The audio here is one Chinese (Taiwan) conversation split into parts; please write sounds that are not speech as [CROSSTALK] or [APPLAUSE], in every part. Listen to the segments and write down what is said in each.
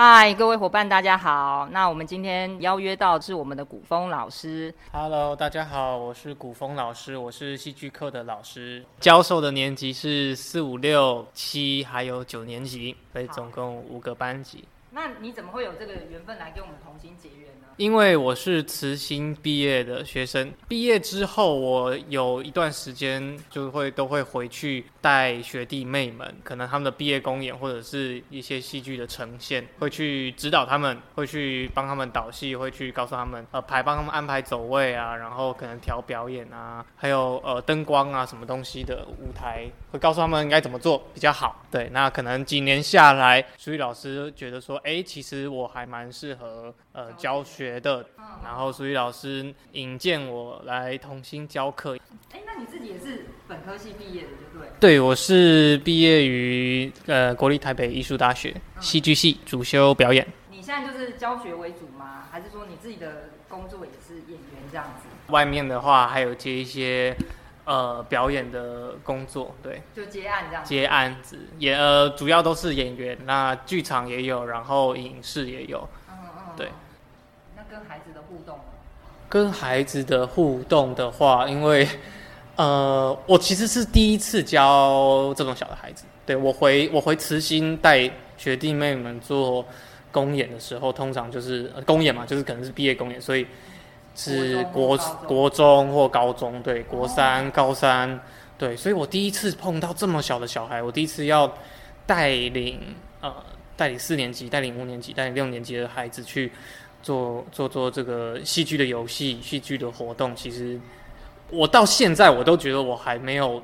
嗨，Hi，各位夥伴，大家好。那我們今天邀約到是我們的古峰老師。Hello，大家好，我是古峰老師，我是戲劇課的老師，教授的年級是四五六七，還有九年級，好所以總共五個班級。那你怎麼會有這個緣分來跟我們同心結緣呢？因為我是慈心畢業的學生，畢業之後我有一段時間就會都會回去。帶學弟妹們，可能他們的畢業公演或者是一些戲劇的呈現，會去指導他們，會去幫他們導戲，會去告訴他們，呃，排幫他們安排走位啊，然後可能調表演啊，還有呃燈光啊，什麼東西的舞台，會告訴他們應該怎麼做比較好。對，那可能幾年下來，所以老師覺得說，哎、欸，其實我還蠻適合呃教學的，然後所以老師引薦我來同心教課。哎、欸，那你自己也是，本科系畢業的就對。對，我是畢業於呃國立台北藝術大學戲劇、嗯、系，主修表演。你現在就是教學為主嗎？還是說你自己的工作也是演員這樣子？外面的話還有接一些呃表演的工作，對。就接案這樣子。接案子也呃，主要都是演員，那劇場也有，然後影視也有，嗯，嗯嗯，對。那跟孩子的互動？跟孩子的互動的話，因為。呃，我其實是第一次教這種小的孩子。對，我回我回慈心帶學弟妹們做公演的時候，通常就是、呃、公演嘛，就是可能是畢業公演，所以是國國中，國中或高中，對，國三、Oh. 高三，對，所以我第一次碰到這麼小的小孩，我第一次要帶領呃帶領四年級、帶領五年級、帶領六年級的孩子去做做做這個戲劇的遊戲、戲劇的活動，其實。我到現在我都覺得我還沒有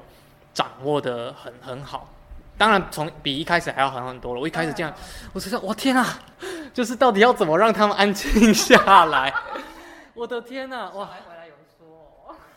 掌握得很很好，當然從比一開始還要好很多了。我一開始這樣，我就的，我天啊，就是到底要怎麼讓他們安靜下來？ [LAUGHS] 我的天吶、啊，哇！ [LAUGHS]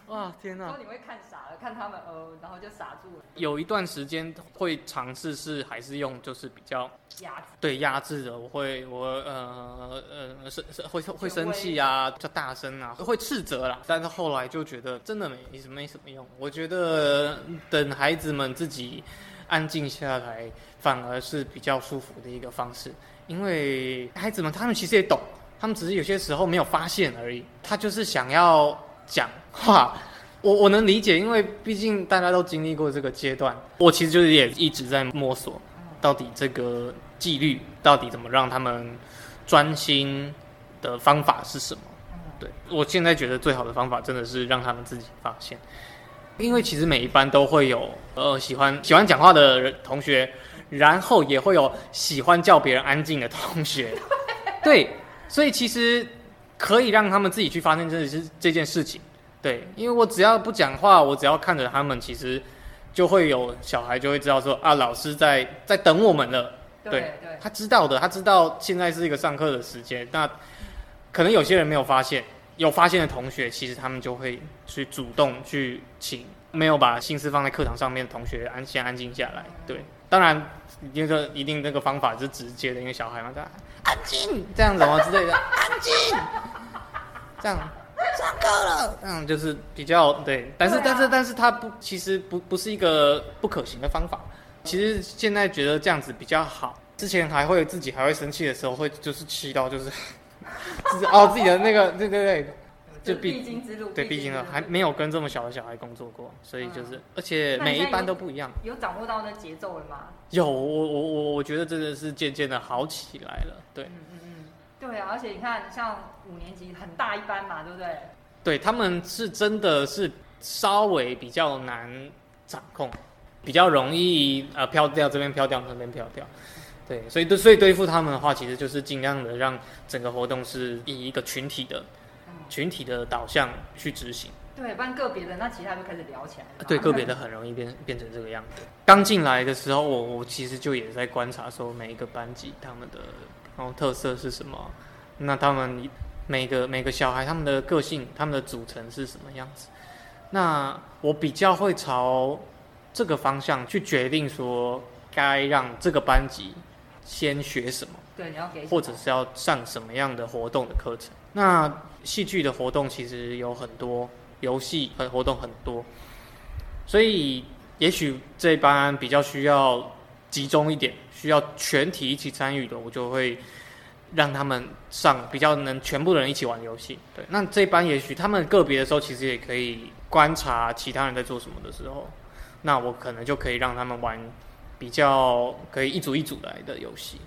哇天吶！說你會看傻了，看他們哦、呃，然後就傻住了。有一段時間會嘗試是還是用，就是比較壓制，對壓制的。我會我呃呃生生會會生氣啊，就會大聲啊，會斥責啦。但是後來就覺得真的沒什沒什麼用。我覺得等孩子們自己安靜下來，反而是比較舒服的一個方式。因為孩子們他們其實也懂，他們只是有些時候沒有發現而已。他就是想要。講話，我我能理解，因為畢竟大家都經歷過這個階段。我其實就是也一直在摸索，到底這個紀律到底怎麼讓他們專心的方法是什麼。對，我現在覺得最好的方法真的是讓他們自己發現，因為其實每一班都會有呃喜歡喜歡講話的人同學，然後也會有喜歡叫別人安靜的同學。對，所以其實。可以讓他們自己去發現這件事。這件事情，對，因為我只要不講話，我只要看着他們，其實就會有小孩就會知道說啊，老師在在等我們了，對，對對他知道的，他知道現在是一個上課的時間。那可能有些人沒有發現，有發現的同學，其實他們就會去主動去請沒有把心思放在課堂上面的同學安先安靜下來，對。嗯當然，因為、那個、一定那個方法是直接的，因為小孩嘛，在安靜靜，這樣子哦之類的，安靜靜，這樣。上課了。這樣就是比較對，但是、啊、但是但是他不，其實不不是一個不可行的方法。其實現在覺得這樣子比較好。之前還會自己還會生氣的時候，會就是氣到就是，就 [LAUGHS] 是哦 [LAUGHS] 自己的那個對對對。就必、必經之路，必經之路。對，畢竟還還沒有跟這麼小的小孩工作過，嗯、所以就是，而且每一班都不一樣。有掌握到那節奏了嗎？有，我我我我覺得真的是漸漸的好起來了。對，嗯嗯嗯，對、啊，而且你看，像五年級很大一班嘛，對不對？對，他們是真的是稍微比較難掌控，比較容易呃飄掉，這邊飄掉，那邊飄掉。對，所以對，所以對付他們的話，其實就是盡量的讓整個活動是以一個群體的群體的導向去執行對，不然個別的，那其他就開始聊起來了。對個別的很容易變變成這個樣子。剛進來的時候我，我我其實就也在觀察說每一個班級他們的然後特色是什麼，那他們每個每個小孩他們的個性、他們的組成是什麼樣子。那我比較會朝這個方向去決定說該讓這個班級先學什麼。對，你要給或者是要上什麼樣的活動的課程？那戲劇的活動其實有很多遊戲和活動很多，所以也許這一班比較需要集中一點，需要全體一起參與的，我就會讓他們上比較能全部的人一起玩遊戲。對，那這一班也許他們個別的時候其實也可以觀察其他人在做什麼的時候，那我可能就可以讓他們玩比較可以一組一組來的遊戲。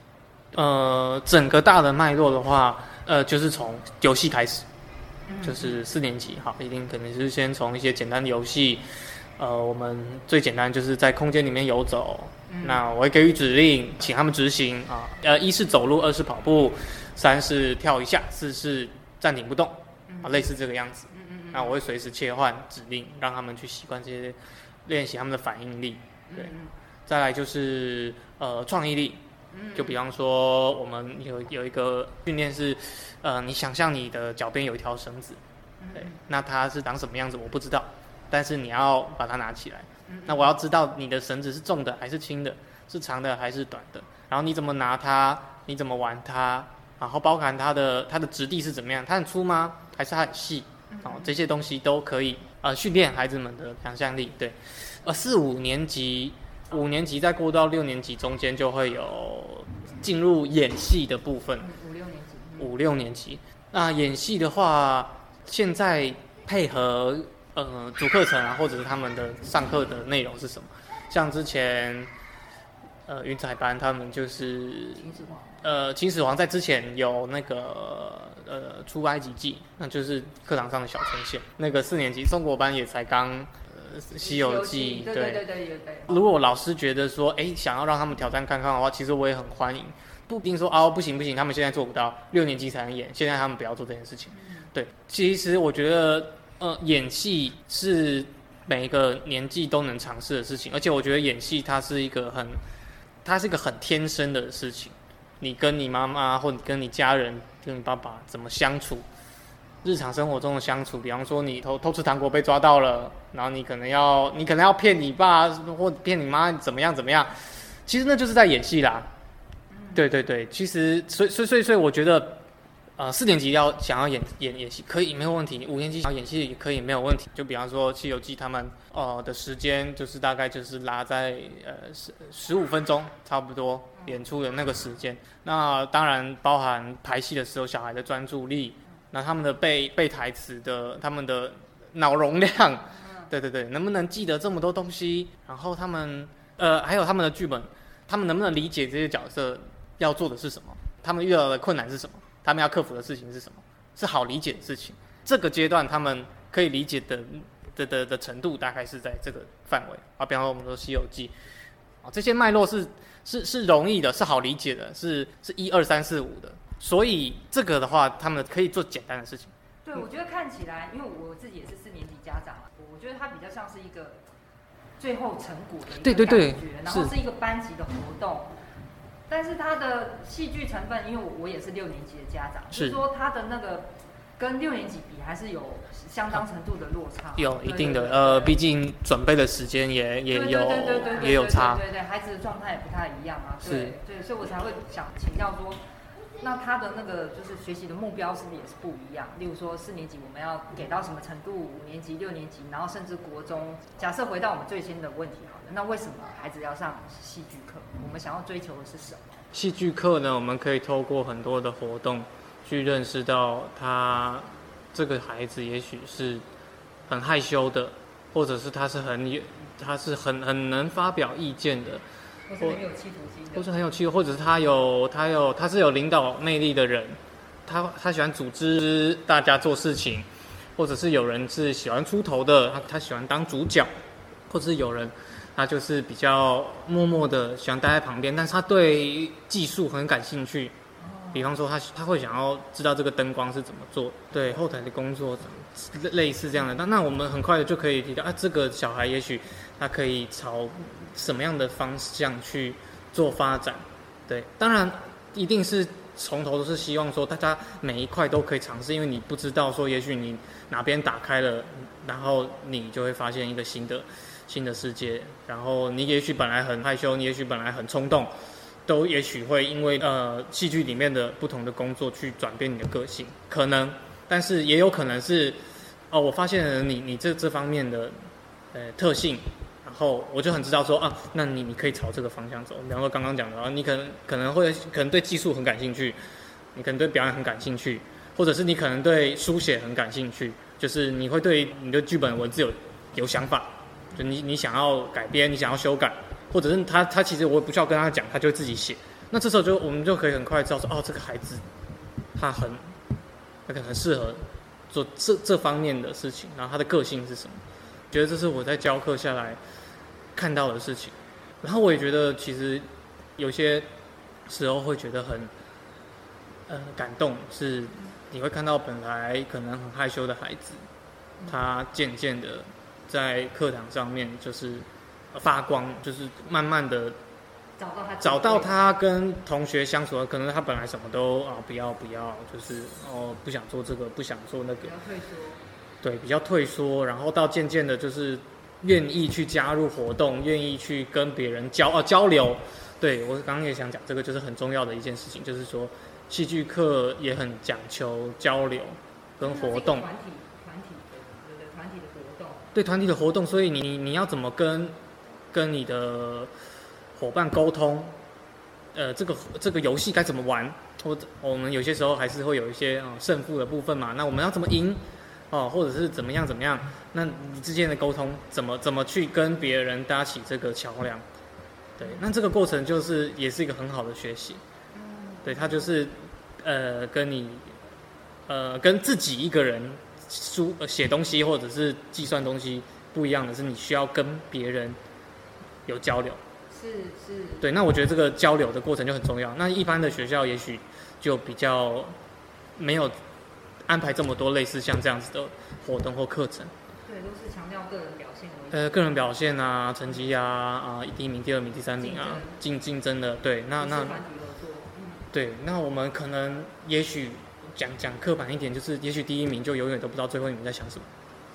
呃，整個大的脈絡的話，呃，就是從遊戲開始，嗯嗯，就是四年級哈，一定肯定是先從一些簡單的遊戲，呃，我們最簡單就是在空間裡面遊走，嗯、那我會給予指令，請他們執行啊，呃，一是走路，二是跑步，三是跳一下，四是暫停不動，嗯嗯啊，類似這個樣子，嗯嗯嗯，那我會隨時切換指令，讓他們去習慣，這些練習他們的反應力，對，嗯嗯，再來就是呃，創意力。就比方說，我們有有一個訓練是，呃，你想象你的腳邊有一條繩子，對，那它是長什麼樣子，我不知道，但是你要把它拿起來，那我要知道你的繩子是重的還是輕的，是長的還是短的，然後你怎麼拿它，你怎麼玩它，然後包含它的它的質地是怎麼樣，它很粗嗎，還是它很細，哦，這些東西都可以，呃，訓練孩子們的想象力，對，呃，四五年級。五年級再過到六年級，中間就會有進入演戲的部分。五六年級，嗯、五六年級。那演戲的話，現在配合呃主課程啊，或者是他們的上課的內容是什麼？像之前呃雲彩班，他們就是秦始皇。呃，秦始皇在之前有那個呃出埃及記，那就是課堂上的小呈現。那個四年級中國班也才剛。《西遊記》對對對，對。如果我老師覺得說，哎、欸，想要讓他們挑戰看看的話，其實我也很歡迎。不一定說，哦、啊，不行不行，他們現在做不到，六年級才能演，現在他們不要做這件事情。對，其實我覺得，呃，演戲是每一個年紀都能嘗試的事情，而且我覺得演戲它是一個很，它是一個很天生的事情。你跟你媽媽，或你跟你家人，跟你爸爸怎麼相處？日常生活中的相處，比方說你偷偷吃糖果被抓到了，然後你可能要你可能要騙你爸或騙你媽怎麼樣怎麼樣，其實那就是在演戲啦。嗯、對對對，其實所以所以所以，所以我覺得，呃，四年級要想要演演演戲可以沒有問題，五年級想要演戲也可以也沒有問題。就比方說《西遊記》他們呃的時間就是大概就是拉在呃十十五分鐘差不多演出的那個時間。那、呃、當然包含排戲的時候小孩的專注力。那他們的背背台詞的，他們的腦容量，對對對，能不能記得這麼多東西？然後他們呃，還有他們的劇本，他們能不能理解這些角色要做的是什麼？他們遇到的困難是什麼？他們要克服的事情是什麼？是好理解的事情。這個階段他們可以理解的的的的程度大概是在這個範圍啊。比方說我們說《西遊記》，啊，這些脈絡是是是容易的，是好理解的，是是一二三四五的。所以這個的話，他們可以做簡單的事情。對，我覺得看起來，因為我自己也是四年級家長嘛，我覺得他比較像是一個最後成果的一個感覺，對對，然後是一個班級的活動。但是他的戲劇成分，因為我也是六年級的家長，是說他的那個跟六年級比，還是有相當程度的落差。有一定的，呃，畢竟準備的時間也也有也有差，對對，孩子的狀態也不太一樣啊。是，對，所以我才會想請教說。那他的那個就是學習的目標是不是也是不一樣？例如說四年級我們要給到什麼程度，五年級、六年級，然後甚至國中。假設回到我們最先的問題好了，那為什麼孩子要上戲劇課？我們想要追求的是什麼？戲劇課呢？我們可以透過很多的活動，去認識到他這個孩子也許是很害羞的，或者是他是很有他是很很能發表意見的。或者是很有企圖心，或者是很有企圖，或者是他有他有他是有領導魅力的人，他他喜歡組織大家做事情，或者是有人是喜歡出頭的，他他喜歡當主角，或者是有人，他就是比較默默的喜歡待在旁邊，但是他對技術很感興趣，比方說他他會想要知道這個燈光是怎麼做，對後台的工作，類似這樣的，那那我們很快的就可以提到啊，這個小孩也許他可以朝。什麼樣的方向去做發展？對，當然一定是從頭都是希望說，大家每一塊都可以嘗試，因為你不知道說，也許你哪邊打開了，然後你就會發現一個新的新的世界。然後你也許本來很害羞，你也許本來很衝動，都也許會因為呃戲劇裡面的不同的工作去轉變你的個性，可能，但是也有可能是哦，我發現了你你這這方面的呃特性。後我就很知道說啊，那你你可以朝這個方向走。比方說剛剛講的啊，你可能可能會可能對技術很感興趣，你可能對表演很感興趣，或者是你可能對書寫很感興趣，就是你會對你的劇本文字有有想法，就你你想要改編，你想要修改，或者是他他其實我也不需要跟他講，他就自己寫。那這時候就我們就可以很快知道說哦，這個孩子他很他可能很適合做這這方面的事情，然後他的個性是什麼？覺得這是我在教課下來。看到的事情，然後我也覺得其實有些時候會覺得很呃很感動，是你會看到本來可能很害羞的孩子，他漸漸的在課堂上面就是發光，就是慢慢的找到他找到他跟同學相處，可能他本來什麼都啊、哦、不要不要，就是哦不想做這個，不想做那個，退縮，對，比較退縮，然後到漸漸的就是。願意去加入活動，願意去跟別人交哦交流。對，我剛剛也想講，這個就是很重要的一件事情，就是說戲劇課也很講求交流跟活動。團體團體的團體的活動。對團體的活動，所以你你你要怎麼跟跟你的夥伴溝通？呃，這個這個遊戲該怎麼玩？或者我們有些時候還是會有一些啊勝負的部分嘛，那我們要怎麼贏？哦，或者是怎麼樣怎麼樣？那你之間的溝通怎麼怎麼去跟別人搭起這個橋梁？對，那這個過程就是也是一個很好的學習。嗯，對他就是，呃，跟你，呃，跟自己一個人書、呃、寫東西或者是計算東西不一樣的是，你需要跟別人有交流。是是。是對，那我覺得這個交流的過程就很重要。那一般的學校也許就比較沒有。安排這麼多類似像這樣子的活動或課程，對，都是強調個人表現。呃，個人表現啊，成績呀、啊，啊、呃，第一名、第二名、第三名啊，競競爭的，對，那那，嗯、對，那我們可能也許講講刻板一點，就是也許第一名就永遠都不知道最後一名在想什麼，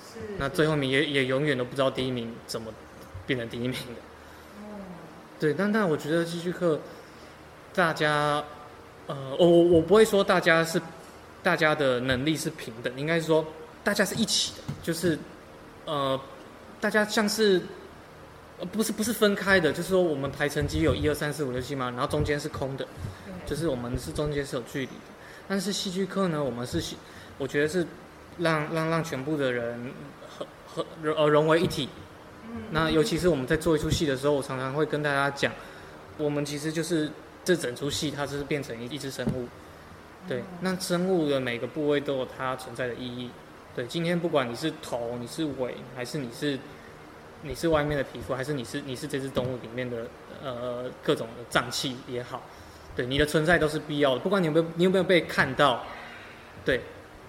是，那最後一名也對也永遠都不知道第一名怎麼變成第一名的，哦，對，但但我覺得戲劇課大家，呃，我、哦、我不會說大家是、嗯。大家的能力是平等，應該是說大家是一起的，就是，呃，大家像是，呃，不是不是分開的，就是說我們排成幾有一二三四五六七嘛，然後中間是空的，就是我們是中間是有距離的。但是戲劇課呢，我們是，我覺得是讓讓讓全部的人和和呃融，融為一體。嗯、那尤其是我們在做一出戲的時候，我常常會跟大家講，我們其實就是這整出戲，它就是變成一一隻生物。對，那生物的每個部位都有它存在的意義。對，今天不管你是頭，你是尾，還是你是，你是外面的皮膚，還是你是你是這隻動物裡面的呃各種的臟器也好，對，你的存在都是必要的。不管你有沒有你有沒有被看到，對，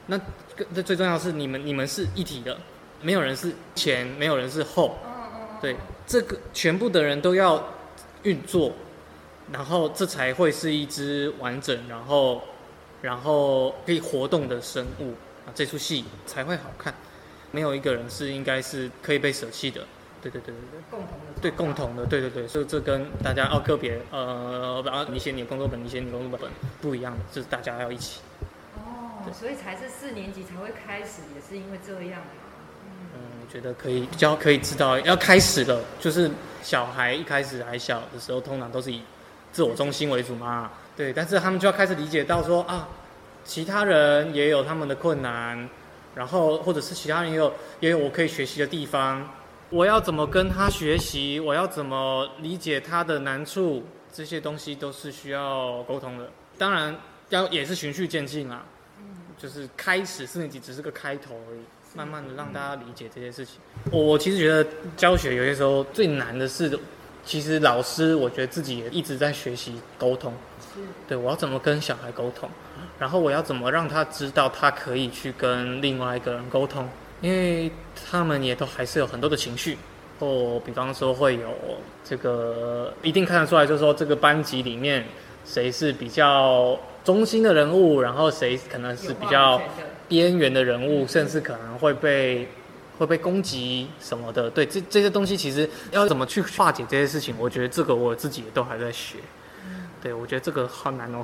那這個，最重要的是你們你們是一體的，沒有人是前，沒有人是後。對，這個全部的人都要運作，然後這才會是一隻完整，然後。然後可以活動的生物啊，這齣戲才會好看。沒有一個人是應該是可以被捨棄的。對對對對對，共對共同的，對對對，所以這跟大家哦個別呃、啊，你寫你的工作本，你寫你的工作本不一樣的，就是大家要一起。哦，所以才是四年級才會開始，也是因為這樣的。嗯，我覺得可以比較可以知道要開始了，就是小孩一開始還小的時候，通常都是以自我中心為主嘛。對，但是他們就要開始理解到說啊。其他人也有他們的困難，然後或者是其他人也有也有我可以學習的地方。我要怎麼跟他學習？我要怎麼理解他的難處？這些東西都是需要溝通的。當然要也是循序漸進啊，就是開始四年級只是個開頭而已，慢慢的讓大家理解這些事情。我我其實覺得教學有些時候最難的是，其實老師我覺得自己也一直在學習溝通，是對，我要怎麼跟小孩溝通？然後我要怎麼讓他知道，他可以去跟另外一個人溝通？因為他們也都還是有很多的情緒，或比方說會有這個一定看得出來，就是說這個班級裡面誰是比較中心的人物，然後誰可能是比較邊緣的人物，甚至可能會被會被攻擊什麼的。對，這這些東西其實要怎麼去化解這些事情，我覺得這個我自己也都還在學。對，我覺得這個好難哦。